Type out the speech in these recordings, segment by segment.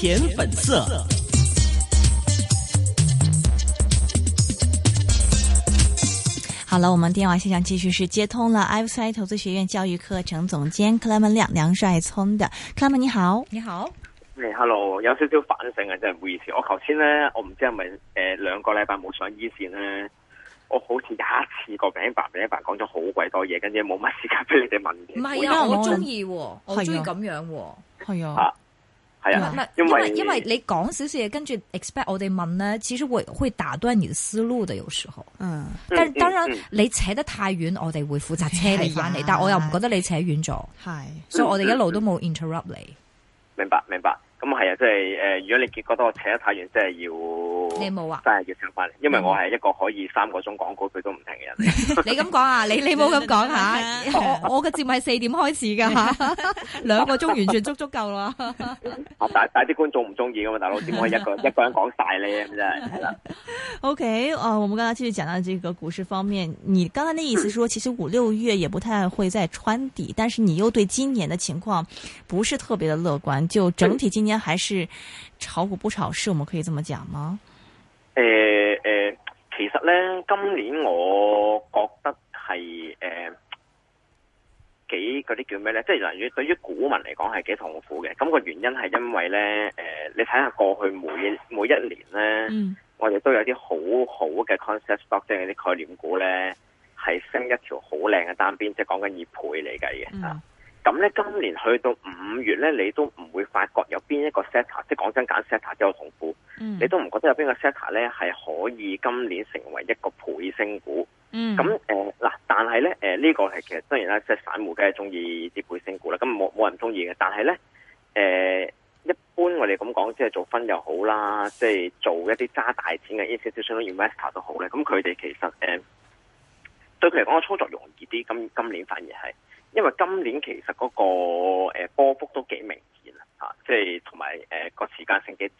淺粉色。好了，我們電話線上繼續是接通了 iFive 投資學院教育課程總監 Clement 亮梁帥聰的，Clement 你好，你好。Hey, hello 有少少反省啊，真係唔好意思。我頭先咧，我唔知係咪誒兩個禮拜冇上一線咧，我好似一次個餅白餅白講咗好鬼多嘢，跟住冇乜時間俾你哋問。唔係啊，我中意、哦哦，我中意咁樣、哦。係啊。啊係啊，因為因為，因為你講少少嘢，跟住 expect 我哋問咧，其實會會打斷你嘅思路嘅，有時候。嗯，但當然、嗯、你扯得太遠，嗯、我哋會負責車你翻嚟，啊、但我又唔覺得你扯遠咗，係，所以我哋一路都冇 interrupt 你。明白明白，咁係啊，即係誒，如果你覺得我扯得太遠，即係要。你啊、真係要上翻嚟，因為我係一個可以三個鐘講嗰句都唔停嘅人。 你咁講啊？你你冇咁講吓？我我嘅節目係四點開始嘅吓，兩 個鐘完全足足夠啦 、啊啊。大但啲觀眾唔中意嘅嘛，大佬點可以一個 一個人講晒咧？真係係啦。OK，啊、呃，我們剛才繼續講到這個股市方面，你剛才那意思說，其實五六月也不太會再穿底，嗯、但是你又對今年的情況不是特別的樂觀，就整體今年還是炒股不炒市，我們可以這麼講嗎？誒誒、呃呃，其實咧今年我覺得係誒、呃、幾嗰啲叫咩咧？即係嗱，於對於股民嚟講係幾痛苦嘅。咁、那個原因係因為咧，誒、呃，你睇下過去每每一年咧，嗯、我哋都有啲好好嘅 concept stock，即係啲概念股咧，係升一條好靚嘅單邊，即係講緊二倍嚟計嘅。嗯咁咧，今年去到五月咧，你都唔會發覺有邊一個 setter，即係講真揀 setter 都有痛苦。同嗯、你都唔覺得有邊個 setter 咧係可以今年成為一個倍升股？咁誒嗱，呃哦、但係咧誒呢、呃這個係其實當然啦，即係散戶梗係中意啲倍升股啦。咁冇冇人中意嘅？但係咧誒，一般我哋咁講，即係做分又好啦，即係做一啲揸大錢嘅 institutional investor 都好咧。咁佢哋其實誒、呃，對佢嚟講個操作容易啲。今今年反而係。因為今年其實嗰個誒波幅都幾明顯啊，即係同埋誒個時間性幾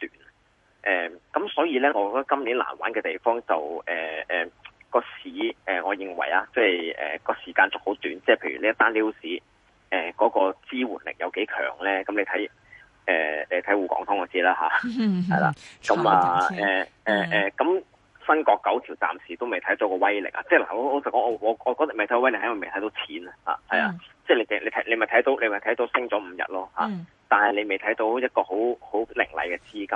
短，誒、啊、咁所以咧，我覺得今年難玩嘅地方就誒誒個市誒、呃，我認為啊，即係誒個時間仲好短，即、就、係、是、譬如呢一單 news 誒嗰、呃那個支援力有幾強咧，咁你睇誒誒睇滬港通我知啦吓，係啦，咁啊誒誒誒咁。嗯呃呃呃分割九條，條暫時都未睇到個威力啊！即係嗱，我我就講我我我嗰陣未睇到威力，係、就是、因為未睇到錢啊、mm. 到到！啊，係啊，即係你你睇你咪睇到你咪睇到升咗五日咯嚇，但係你未睇到一個好好凌厲嘅資金。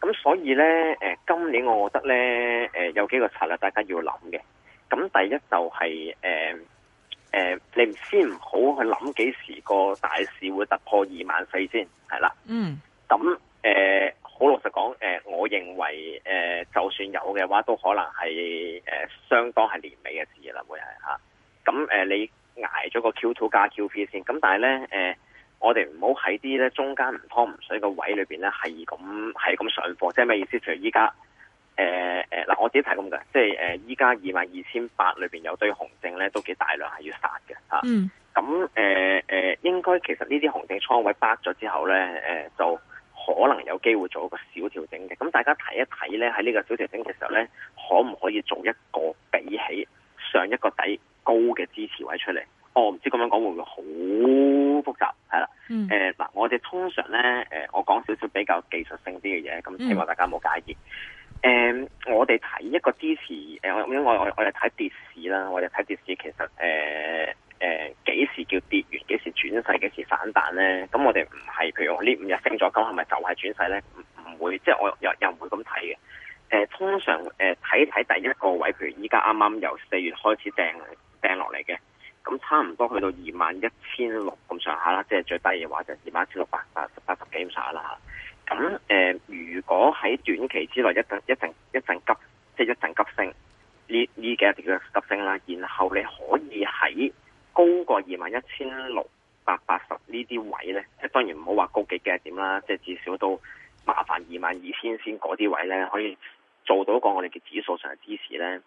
咁所以咧誒，今年我覺得咧誒有幾個策略大家要諗嘅。咁第一就係誒誒，你唔先唔好去諗幾時個大市會突破二萬四先係啦。嗯、mm.。咁、呃、誒。好老實講，誒、呃，我認為誒、呃，就算有嘅話，都可能係誒、呃，相當係年尾嘅事啦，會係吓。咁、啊、誒、啊，你捱咗個 Q2 加 Q3 先，咁、啊、但係咧，誒、啊，我哋唔好喺啲咧中間唔湯唔水嘅位置裏邊咧，係咁係咁上貨，即係咩意思？譬如依家，誒、啊、誒，嗱、啊，我自己提咁嘅，即係誒，依家二萬二千八裏邊有堆紅證咧，都幾大量係要殺嘅，吓、啊。嗯。咁誒誒，應該其實呢啲紅證倉位 back 咗之後咧，誒、啊、就。可能有機會做一個小調整嘅，咁大家睇一睇咧，喺呢個小調整嘅時候咧，可唔可以做一個比起上一個底高嘅支持位出嚟？我、哦、唔知咁樣講會唔會好複雜，係啦，誒嗱、嗯呃，我哋通常咧，誒、呃、我講少少比較技術性啲嘅嘢，咁希望大家冇介意。嗯嘅一急升啦，然後你可以喺高過二萬一千六百八十呢啲位咧，即係當然唔好話高幾幾點啦，即係至少都麻煩二萬二千先嗰啲位咧，可以做到一個我哋嘅指數上嘅支持咧。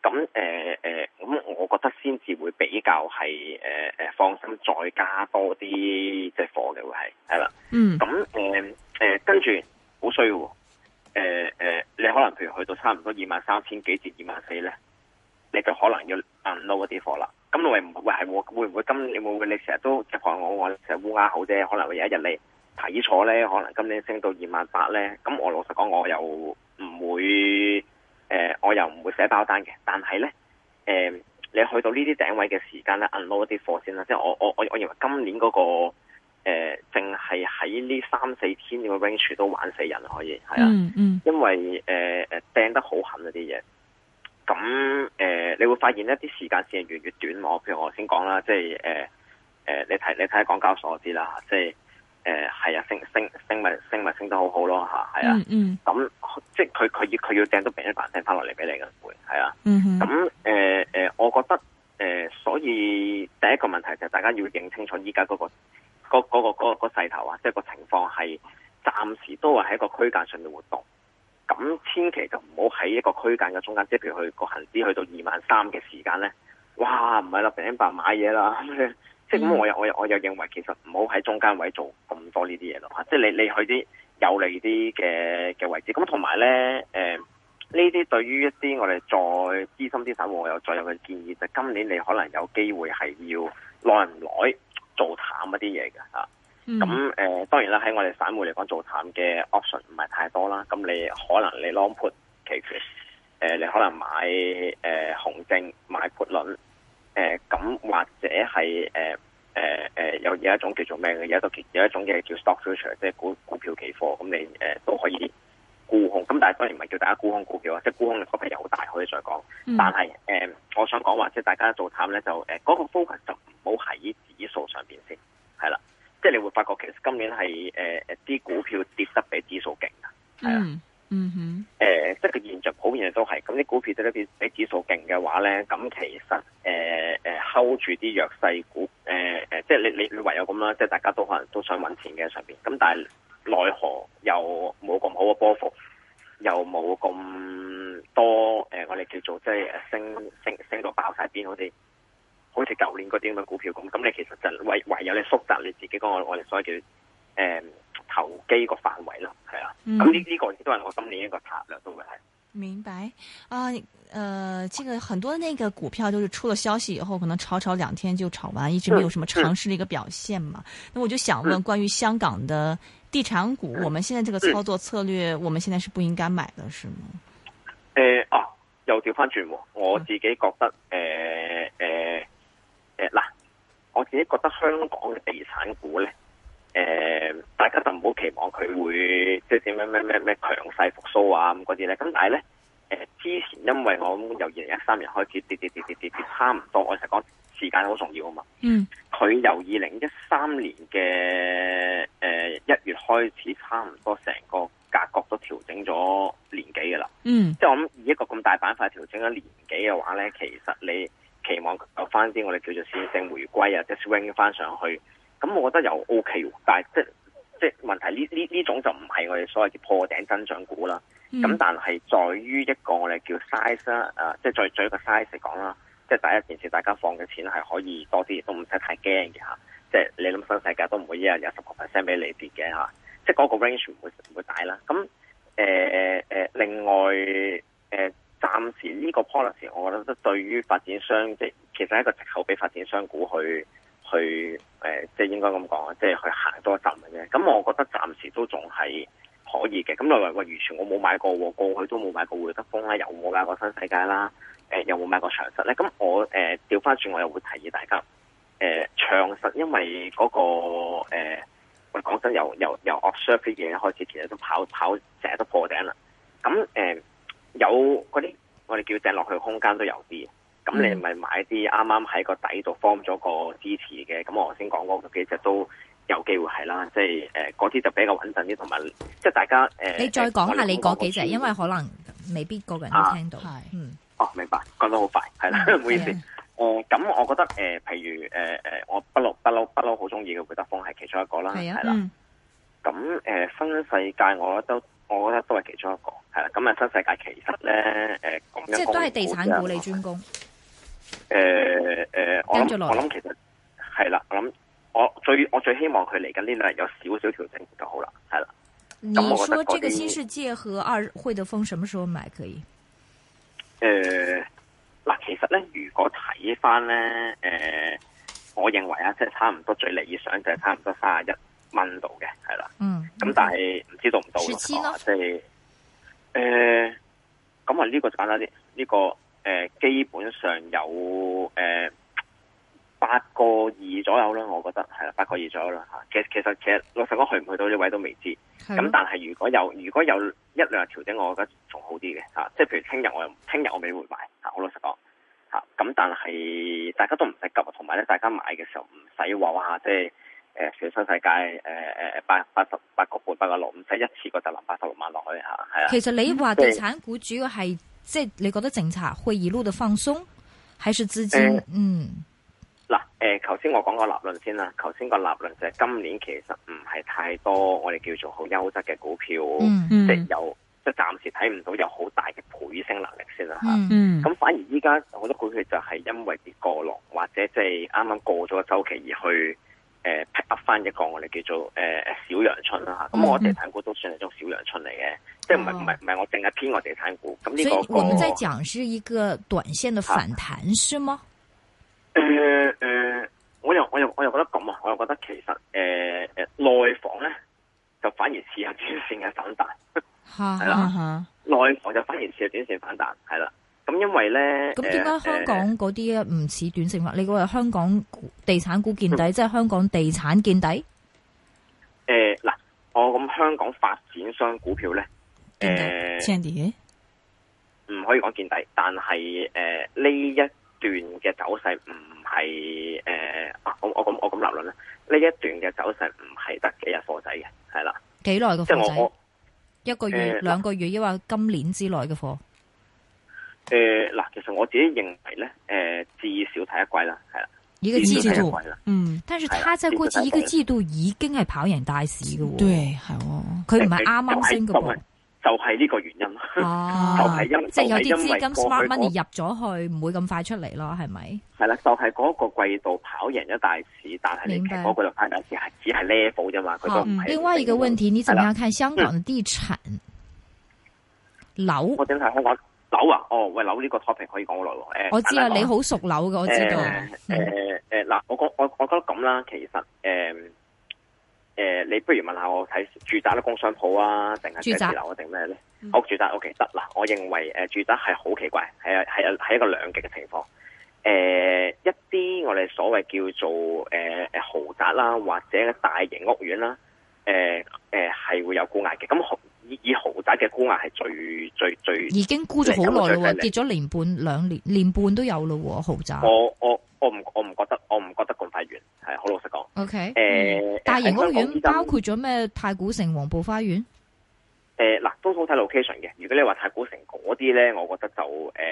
咁誒誒，咁、呃呃、我覺得先至會比較係誒誒放心，再加多啲即係貨嘅會係係啦。嗯、就是，咁誒誒，跟住好衰喎，誒誒、呃呃，你可能譬如去到差唔多二萬三千幾至二萬四咧。24, 佢可能要 unload 嗰啲貨啦，咁我咪會係會會唔會今你冇嘅，你成日都執狂我我成日烏鴉口啫，可能會有一日你睇錯咧，可能今年升到二萬八咧，咁我老實講我又唔會誒、呃、我又唔會寫包單嘅，但係咧誒你去到這些頂呢啲頂位嘅時間咧 unload 一啲貨先啦，即係我我我我認為今年嗰、那個誒淨係喺呢三四天嘅 range 都玩死人可以係啊，嗯嗯、因為誒誒掟得好狠嗰啲嘢。咁誒、呃，你會發現一啲時間線越來越短我譬如我先講啦，即係誒、呃、你睇你睇下港交所知啦，即係誒係啊，升升升咪升升得好好咯係啊。咁、嗯嗯、即係佢佢要佢要掟多百分之百掟翻落嚟俾你嘅，係啊。咁誒、嗯嗯呃、我覺得誒、呃，所以第一個問題就係大家要認清楚依家嗰個嗰嗰、嗰個嗰、嗰個勢頭啊，即、那、係、個嗰個嗰個情況係、就係、暫時都係喺一個區間上面活動。咁千祈就唔好喺一個區間嘅中間，即係譬如去個恆指去到二萬三嘅時間咧，哇唔係啦，平白買嘢啦，即係咁我又我又我又認為其實唔好喺中間位做咁多呢啲嘢咯嚇，即係你你去啲有利啲嘅嘅位置。咁同埋咧誒，呢啲對於一啲我哋再資深啲散戶，我有再有嘅建議就係今年你可能有機會係要耐唔耐做淡一啲嘢嘅嚇。咁誒、嗯呃、當然啦，喺我哋散戶嚟講，做淡嘅 option 唔係太多啦。咁你可能你 long put 期權，誒、呃、你可能買誒、呃、紅證買 put 輪，咁、呃、或者係誒誒有有一種叫做咩嘅，有一個有一種嘅叫 stock future，即係股股票期貨，咁你、呃、都可以沽空。咁但係當然唔係叫大家沽空股票啊，即係沽空嘅 focus 譬如好大，可以再講。嗯、但係誒、呃，我想講話，即係大家做淡咧，就誒嗰、呃那個 focus 就唔好喺指數上面先，係啦。即係你會發覺，其實今年係誒誒啲股票跌得比指數勁嘅，係啊、嗯，嗯哼，誒、呃，即係個現象普遍嘅都係，咁啲股票跌得比指數勁嘅話咧，咁其實誒誒、呃呃、hold 住啲弱勢股，誒、呃、誒，即係你你你唯有咁啦，即係大家都可能都想揾錢嘅上邊，咁但係奈何又冇咁好嘅波幅，又冇咁多誒、呃，我哋叫做即係升升升到爆晒邊嗰啲。好似舊年嗰啲咁嘅股票咁，咁你其實就唯唯，唯有你縮窄你自己個我我哋所謂叫誒投機個範圍咯，係啊。咁呢呢個亦都係我今年一個策略都會係。明白啊，誒、呃，這個很多那個股票，就是出了消息以後，可能炒炒兩天就炒完，一直沒有什麼嘗試的一個表現嘛。嗯嗯、那我就想問，關於香港的地產股，嗯、我們現在這個操作策略，嗯嗯、我們現在是不應該買的，是嗎？誒、呃，哦、啊，又調翻轉，我自己覺得，誒誒、嗯。呃呃誒嗱、呃，我自己覺得香港嘅地產股咧，誒、呃，大家就唔好期望佢會即係點樣咩咩咩強勢復甦啊咁嗰啲咧。咁但係咧，誒、呃，之前因為我由二零一三年開始跌跌跌跌跌跌，差唔多我成日講時間好重要啊嘛。嗯。佢由二零一三年嘅誒一月開始，差唔多成、嗯呃、個格局都調整咗年幾噶啦。嗯。即係我諗以一個咁大板塊調整咗年幾嘅話咧，其實你。翻啲我哋叫做線性回歸啊，即係 swing 翻上去，咁我覺得又 O、OK, K，但係即即係問題呢呢呢種就唔係我哋所謂嘅破頂增長股啦。咁、嗯、但係在於一個我哋叫 size 啊，即係再再一個 size 講啦。即係第一件事，大家放嘅錢係可以多啲，亦都唔使太驚嘅嚇。即係你諗新世界都唔會一日有十個 percent 俾你跌嘅嚇。即係嗰個 range 唔會唔會大啦。咁誒誒誒，另外。暫時呢個 policy，我覺得對於發展商即係其實係一個藉口俾發展商股去去、呃、即係應該咁講啊，即係去行多一陣嘅啫。咁我覺得暫時都仲係可以嘅。咁另如話完全我冇買過，過去都冇買過會德豐啦，又沒有冇買過新世界啦？誒、呃，又沒有冇買過長實咧？咁我誒調翻轉，呃、我又會提議大家誒長實，呃、因為嗰、那個、呃、我我講真由，由由由 share 啲嘢開始，其實都跑跑成日都破頂啦。咁誒、呃、有嗰啲。我哋叫掟落去空間都有啲，咁你咪買啲啱啱喺個底度 form 咗個支持嘅，咁我頭先講嗰幾隻都有機會係啦，即係嗰啲就比較穩陣啲，同埋即係大家誒。你再講下你嗰幾隻，因為可能未必個個人都聽到，係、啊、嗯。哦、啊，明白，講得好快，係啦，唔好意思。哦，咁我覺得譬、呃、如誒、呃、我不嬲不嬲不嬲好中意嘅會德豐係其中一個啦，係啦。咁、呃、新世界，我覺得都，我覺得都係其中一個。係啦，咁啊新世界其實咧，誒，即係都係地產股，嚟專攻。誒誒、呃呃，我諗我諗其實係啦，我諗我最我最希望佢嚟緊呢兩日有少少調整就好啦，係啦。你說這個新世界和二會德豐什麼時候買可以？誒，嗱，其實咧，如果睇翻咧，誒、呃，我認為啊，即、就、係、是、差唔多最理想就係差唔多三十一蚊度嘅，係啦。嗯。咁但係唔知道唔到咯，即係、啊。就是誒，咁啊呢個就簡單啲，呢、這個誒、呃、基本上有誒八、呃、個二左右啦，我覺得係啦八個二左右啦吓。其實其實其實老實講去唔去到呢位都未知，咁、嗯、但係如果有如果有一兩日調整，我覺得仲好啲嘅吓。即係譬如聽日我又聽日我未會買吓、啊，我老實講吓。咁、啊、但係大家都唔使急，同埋咧大家買嘅時候唔使話即係。誒，其、呃、新世界，誒、呃、誒，八八十八個半八個六，唔使一次過就攞八十六萬落去吓，係啊。其實你話地產股主要係，即係以你覺得政策會一路的放鬆，還是資金？呃、嗯。嗱，誒，頭先我講個立論先啦，頭、呃、先個立論就係今年其實唔係太多，我哋叫做好優質嘅股票，嗯嗯、即係有即係暫時睇唔到有好大嘅倍升能力先啦吓。咁、嗯嗯嗯、反而依家好多股票就係因為跌過浪，或者即係啱啱過咗個週期而去，誒，pick up 翻一個我哋叫做誒小陽春啦吓，咁我地產股都算係一種小陽春嚟嘅，即係唔係唔係唔係我淨係偏我地產股，咁呢個我們在講是一個短線嘅反彈是嗎？誒誒、呃呃，我又我又我又覺得咁啊，我又覺得其實誒誒內房咧就反而似係短線嘅反彈，係啦、啊，內、啊啊、房就反而似係短線反彈，係啦。啊啊咁因為咧，咁點解香港嗰啲唔似短線法？呃、你講係香港地產股見底，嗯、即係香港地產見底？誒，嗱，我咁香港發展商股票咧，見底，唔、呃、里可以講見底，但係誒呢一段嘅走勢唔係誒，我我咁我咁立論啦。呢一段嘅走勢唔係得幾日貨仔嘅，係啦，幾耐嘅貨仔？一個月、兩、呃、個月，抑或、呃、今年之內嘅貨？誒，嗱，其實我自己認為咧，誒，至少睇一季啦，係啦，呢個季度，嗯，但係他在過去一個季度已經係跑贏大市嘅喎，對，係喎，佢唔係啱啱升㗎喎，就係呢個原因，就係因即係有啲資金 smart money 入咗去，唔會咁快出嚟咯，係咪？係啦，就係嗰個季度跑贏咗大市，但係你睇嗰個度跑贏大市係只係 level 啫嘛，佢另外一個問題，你怎樣睇香港嘅地產樓？好，我點睇香港？樓啊，哦，喂，樓呢個 topic 可以講落喎。誒，我知啊，等等你好熟樓噶，我知道，啊。誒誒嗱，我覺我我覺得咁啦，其實誒誒、呃呃，你不如問下我睇住宅咧，工商鋪啊，定係、啊、寫字樓啊，定咩咧？我住宅我其實嗱，我認為誒住宅係好奇怪，係啊係啊係一個兩極嘅情況。誒、呃，一啲我哋所謂叫做誒誒、呃、豪宅啦，或者大型屋苑啦。誒誒，係、嗯嗯嗯嗯，會有估壓嘅。咁豪以以豪宅嘅估壓係最最最，最最已經估咗好耐咯，跌咗、就是、年半兩年年半都有咯，豪宅。我我我唔我唔覺得，我唔覺得咁快完，係好老實講。OK，誒，大型屋苑包括咗咩？太古城、黃埔花園。誒，嗱，都好睇 location 嘅。如果你話太古城嗰啲咧，我覺得就誒誒誒。呃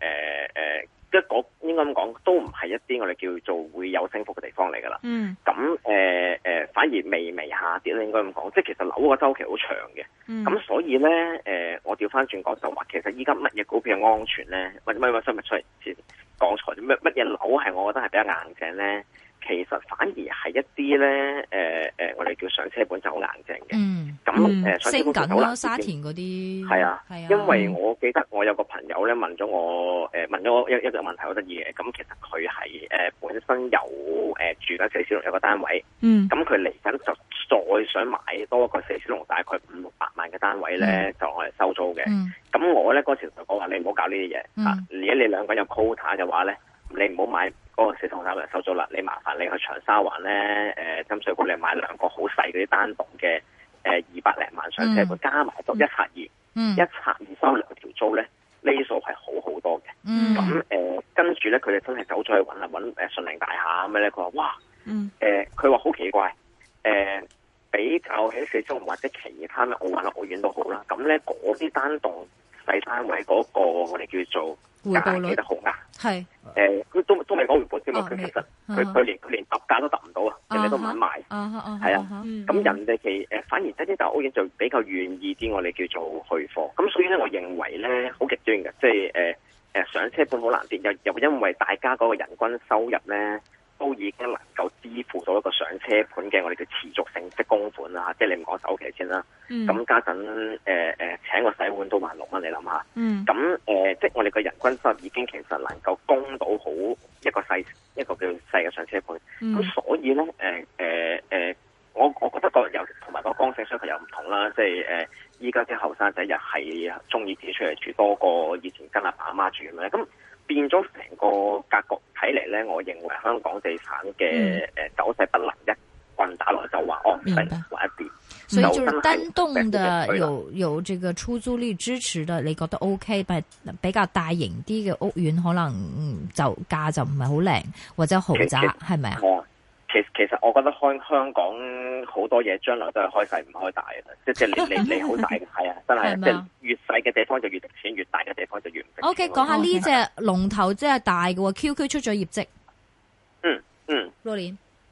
呃呃一個應該咁講，都唔係一啲我哋叫做會有升幅嘅地方嚟噶啦。咁誒誒，反而微微下跌咧。應該咁講，即係其實樓個周期好長嘅。咁、嗯、所以咧，誒、呃，我調翻轉講就話，其實依家乜嘢股票安全咧，或者乜嘢新出嚟，先講，啲乜乜嘢樓係我覺得係比較硬淨咧。其實反而係一啲咧，誒、呃、誒，我哋叫上車盤就很難」就好硬淨嘅。嗯，咁誒，上車盤就好難。嗯，升沙田嗰啲。係啊，係啊，因為我記得我有個朋友咧問咗我，誒問咗我一一個問題，好得意嘅。咁其實佢係誒本身有誒、呃、住緊四小龍有個單位。嗯。咁佢嚟緊就再想買多一個四小龍，大概五六百萬嘅單位咧，嗯、就攞嚟收租嘅。咁、嗯、我咧嗰時就講話你唔好搞呢啲嘢啊！而家、嗯、你兩個人有 quota 嘅話咧，你唔好買。嗰個四通大量收租啦，你麻煩你去長沙灣咧，誒深水埗你買兩個好細嗰啲單棟嘅，誒二百零萬上車，佢加埋到一拆二，嗯、一拆二收兩條租咧，呢數係好好多嘅。咁誒跟住咧，佢哋真係走咗去搵啦，搵誒順寧大廈咁嘅咧，佢話哇，誒佢話好奇怪，誒、呃、比較喺四通或者其他咧，我玩得我遠都好啦。咁咧嗰啲單棟。細單位嗰個我哋叫做價企得好硬、啊，係誒，佢、欸、都都未講完本添嘛。佢、啊、其實佢佢連佢連價都搭唔到啊，一啲都唔肯賣。係啊，咁人哋其誒反而一啲大屋嘅就比較願意啲，我哋叫做去貨。咁所以咧，我認為咧好極端嘅，即係誒誒上車盤好難跌，又又因為大家嗰個人均收入咧都已經能夠支付到一個上車盤嘅我哋叫持續性即係供款啦、啊，即係你唔講首期先啦。咁加緊。誒。呃請我洗碗都萬六蚊，你諗下。嗯。咁，誒、呃，即係我哋嘅人均收入已經其實能夠供到好一個細一個叫細嘅上車盤。咁、嗯、所以咧，誒誒誒，我我覺得個,個又同埋個剛性需求又唔同啦。即係誒，依家啲後生仔又係中意自己出嚟住多過以前跟阿爸阿媽住咁樣。咁變咗成個格局睇嚟咧，我認為香港地產嘅誒走勢不能一棍打落就話哦，使或白一啲。所以就係單棟嘅有有呢個出租率支持嘅。你覺得 OK，但比較大型啲嘅屋苑可能就價就唔係好靚或者豪宅係咪啊？其實其實我覺得香香港好多嘢將來都係開細唔開大嘅，即、就、係、是、你你好大嘅，係啊，真係越細嘅地方就越值錢，越大嘅地方就越唔值錢。O K，講下呢隻龍頭即係大嘅喎 ，Q Q 出咗業績、嗯。嗯嗯。若琳。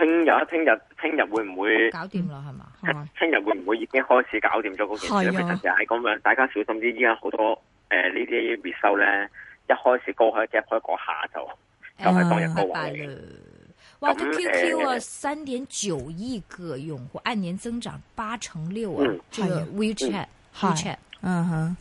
聽日、聽日、聽日會唔會搞掂啦？係嘛？聽日會唔會已經開始搞掂咗嗰件事？呀其實就係咁樣，大家小心啲。依家好多誒，呢啲接收咧，一開始高開，一開嗰下就就是、係當日高位。哇！個 QQ 啊，三點九億個用戶，按年增長八成六啊。嗯、個 WeChat，WeChat。嗯哼，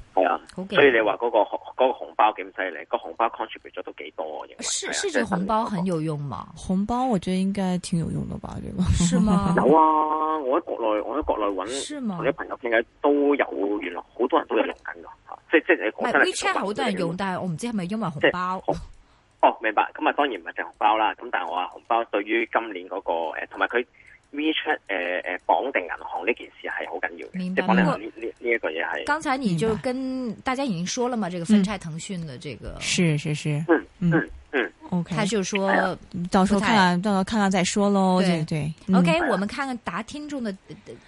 所以你話嗰、那個嗰、那個紅包咁犀利，那個紅包 contribute 咗都幾多啊？認為住是，是紅包很有用嘛，紅包我覺得應該挺有用的吧？是嗎？ 有啊，我喺國內我喺國內揾，我啲朋友傾偈都有，原來好多人都有用緊噶，即即係。唔係 WeChat，好多人用，但係我唔知係咪因為紅包，就是紅。哦，明白。咁啊，當然唔係淨紅包啦。咁但係我話紅包對於今年嗰、那個誒，同埋佢。WeChat 誒誒綁定銀行呢件事係好緊要，嘅，明白明白，綁定銀行呢呢呢一個嘢係。剛才你就跟大家已經說了嘛，這個分拆騰訊的這個，是是是，嗯嗯嗯，OK，他就說到時候看看，到時候看看再說咯，對對。OK，我們看看答聽眾的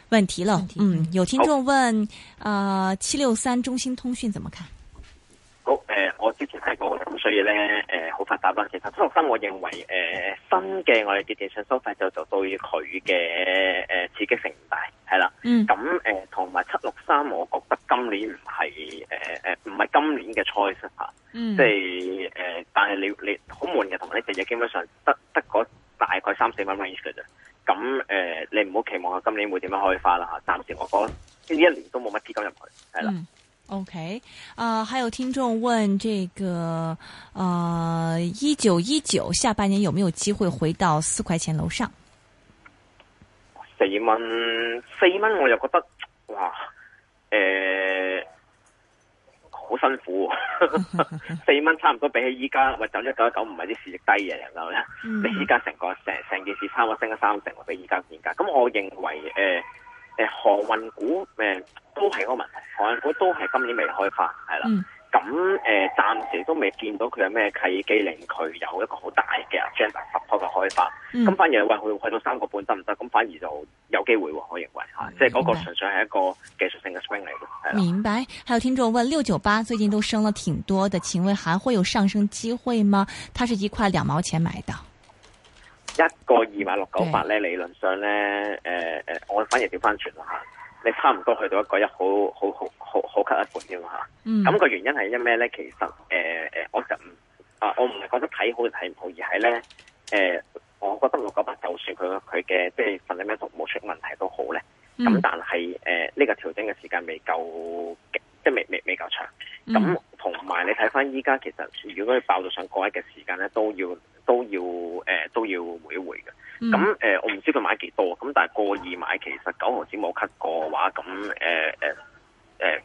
問題咯。嗯，有聽眾問，啊，七六三中心通訊怎麼看？好，誒，我之前睇過。所以咧，誒、呃、好發達啦。其實七六三，我認為誒、呃、新嘅我哋啲電信收費就就對佢嘅誒刺激性唔大，係啦。嗯咁誒同埋七六三，呃、我覺得今年唔係誒誒唔係今年嘅 choice 嚇，即係誒。但係你你好悶嘅，同埋啲地嘢基本上得得嗰大概三四蚊 range 嘅啫。咁誒、呃，你唔好期望今年會點樣開花啦嚇。暫時我講呢一年都冇乜資金入去，係啦。嗯 OK，啊、呃，還有聽眾問，這個，啊、呃，一九一九下半年有沒有機會回到四塊錢樓上？四蚊，四蚊，我又覺得，哇，誒、呃，好辛苦，四蚊差唔多比起依家，喂，了九一九一九唔係啲市值低嘅，然後呢，比依家成個成成件事差唔多升咗三成，比依家現價，咁我認為誒。呃航運、呃、股、呃、都係個問題，航運股都係今年未開發，係啦。咁誒、嗯，暫、嗯、時都未見到佢有咩契機令佢有一個好大嘅 general support 嘅開發。咁、嗯嗯、反而喂，佢去到三個半得唔得？咁反而就有機會，我認為吓，白即係嗰個純粹係一個技術性嘅 swing 嚟嘅。明白。還有聽眾問，六九八最近都升咗挺多嘅，請問還會有上升機會嗎？它是一塊兩毛錢買的。一個二萬六九八咧，理論上咧，誒、呃、誒、呃，我反而調翻轉啦吓，你差唔多去到一個一，好好好好好吸一半添嘛。吓、啊。咁、嗯、個原因係因咩咧？其實誒誒、呃，我就唔啊，我唔係覺得睇好定睇唔好，而係咧，誒、呃，我覺得六九八就算佢佢嘅即係 Fundamental 冇出問題都好咧。咁、嗯、但係誒呢個調整嘅時間未夠，即係未未未夠長。咁同埋你睇翻依家，其實如果佢爆到上高位嘅時間咧，都要。都要誒、呃、都要回一回嘅，咁誒、嗯呃、我唔知佢買幾多，咁但係過二買其實九毫子冇 cut 過嘅話，咁誒誒誒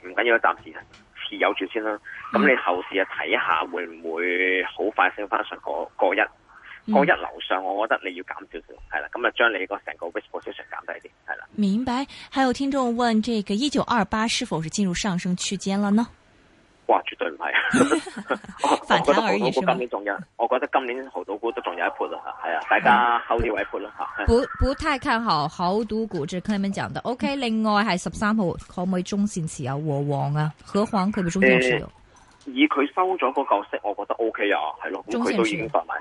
唔緊要，暫、呃呃呃、時持有住先啦。咁、嗯、你後市啊睇一下會唔會好快升翻上個個一個一樓上，我覺得你要減少少，係啦，咁啊將你嗰成個 risk position 減低啲，係啦。明白。還有聽眾問：這個一九二八是否是進入上升區間了呢？哇！絕對唔係， 我, 反而我覺得濠賭今年仲有，我覺得今年濠賭股都仲有一潑啦係啊，大家考 o l 一呢位啦吓。不 不,不太看好濠賭股，即 e 佢哋咁樣講得 OK。另外係十三號，可唔可以中線持有和黃啊？和黃佢咪中線持有，呃、以佢收咗個角色，我覺得 OK 啊，係咯，咁佢、嗯、都已經賺埋。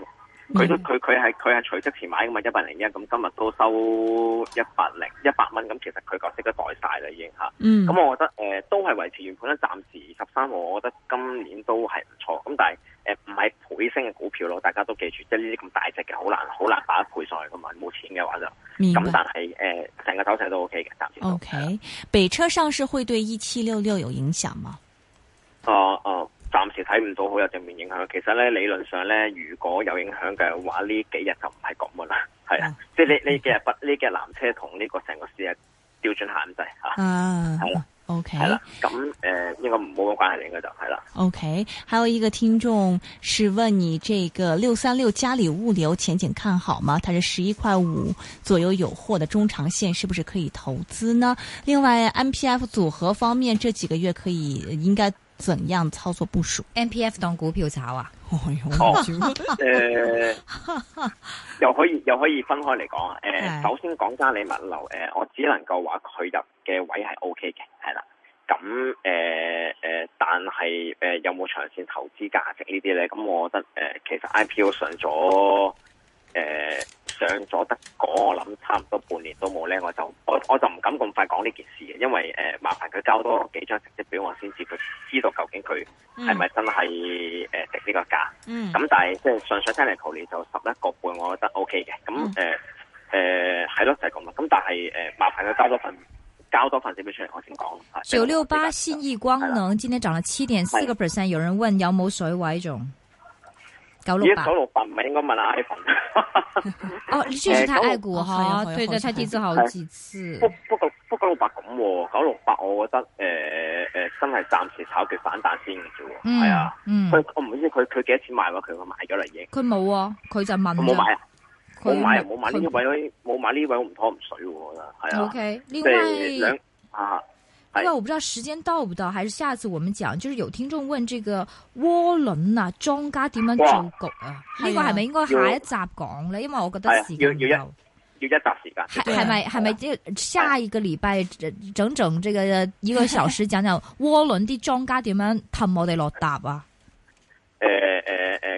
佢都佢佢係佢係隨即前買噶嘛，一百零一，咁今日都收一百零一百蚊，咁其實佢角色都袋晒啦已經嚇。咁、嗯、我覺得誒、呃、都係維持原本咧，暫時十三號，我覺得今年都係唔錯。咁但係誒唔係倍升嘅股票咯，大家都記住，即係呢啲咁大隻嘅好難好難打倍上嚟噶嘛，冇錢嘅話就咁。白但係誒成個走勢都 OK 嘅，暫時都 OK、嗯。北車上市會對一七六六有影響嗎？哦哦、呃。呃暫時睇唔到好有正面影響。其實咧，理論上咧，如果有影響嘅話，呢幾日就唔係咁啦。係啊，即係呢呢幾日呢幾日纜車同呢個成個市啊標準限制吓，係啦是，OK，係啦，咁、嗯、誒應該冇乜關係，應該就係啦。OK，還有一個聽眾是問你，這個六三六嘉里物流前景看好嗎？它是十一塊五左右有貨的中長線，是不是可以投資呢？另外，MPF 組合方面，這幾個月可以應該？怎樣操作部署？M P F 當股票炒啊？誒，又可以又可以分開嚟講啊？誒、呃，Okay. 首先講嘉里物流，誒、呃，我只能夠話佢入嘅位係 O K 嘅，係啦。咁誒誒，但係誒、呃、有冇長線投資價值呢啲咧？咁我覺得誒、呃，其實 I P O 上咗誒。呃上咗得嗰，我諗差唔多半年都冇咧，我就我我就唔敢咁快講呢件事嘅，因為誒、呃、麻煩佢交多幾張成績表，我先至佢知道究竟佢係咪真係誒值呢個價。嗯，咁、嗯、但係即係純粹嚟睇，年就十一個半，我覺得 O K 嘅。咁誒誒係咯，就係咁咁但係誒麻煩佢交多份，交多份出嚟，我先講。九六八信義光能的今天漲咗七點四個 percent，有人問有冇水位仲？九六八唔係應該問阿 iPhone，哦，你算是太愛國哈，對對，他跌咗好幾次，不不過不過九六八咁，九六八我覺得誒誒真係暫時炒佢反彈先嘅啫，係啊，佢我唔知佢佢幾多錢買佢佢買咗嚟嘅，佢冇，佢就問，冇買啊，冇買啊，冇買呢位，冇買呢位我唔妥唔水，我覺得係啊，即係兩啊。因為我不知道時間到不到，還是下次我們講，就是有聽眾問這個渦輪啊，莊家點樣做局啊？呢哇個係咪、哎、呀應該下一集講咧？因為我覺得時間又要、哎、一集時間、這個。係係咪係咪即下一個禮拜、哎、呀整整這個一個小時講講渦、哎、呀輪啲莊家點樣氹我哋落踏啊？誒誒誒，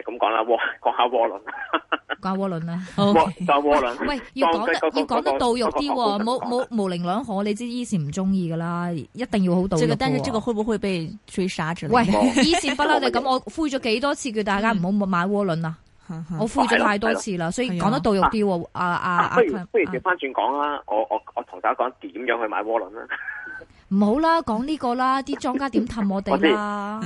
咁講啦，窩講下窩輪，講窩輪啦，講窩輪。喂，要講得要講得到肉啲，冇冇模棱兩可，你知伊善唔中意㗎啦，一定要好到肉。但係呢個會唔會俾人追殺喂，伊善不嬲就咁，我呼籲咗幾多次，叫大家唔好買窩輪啦，我呼籲咗太多次啦，所以講得到肉啲。阿阿不如不如翻轉講啦，我我我同大家講點樣去買窩輪啦唔好啦，講呢個啦，啲莊家點氹我哋啦，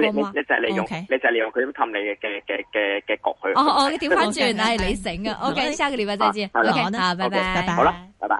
你就係利用，你就利用佢點氹你嘅嘅嘅嘅局去。哦哦，你調翻轉，但係你醒啊。O K，下個禮拜再見。O K，好啦，拜拜，好啦，拜拜。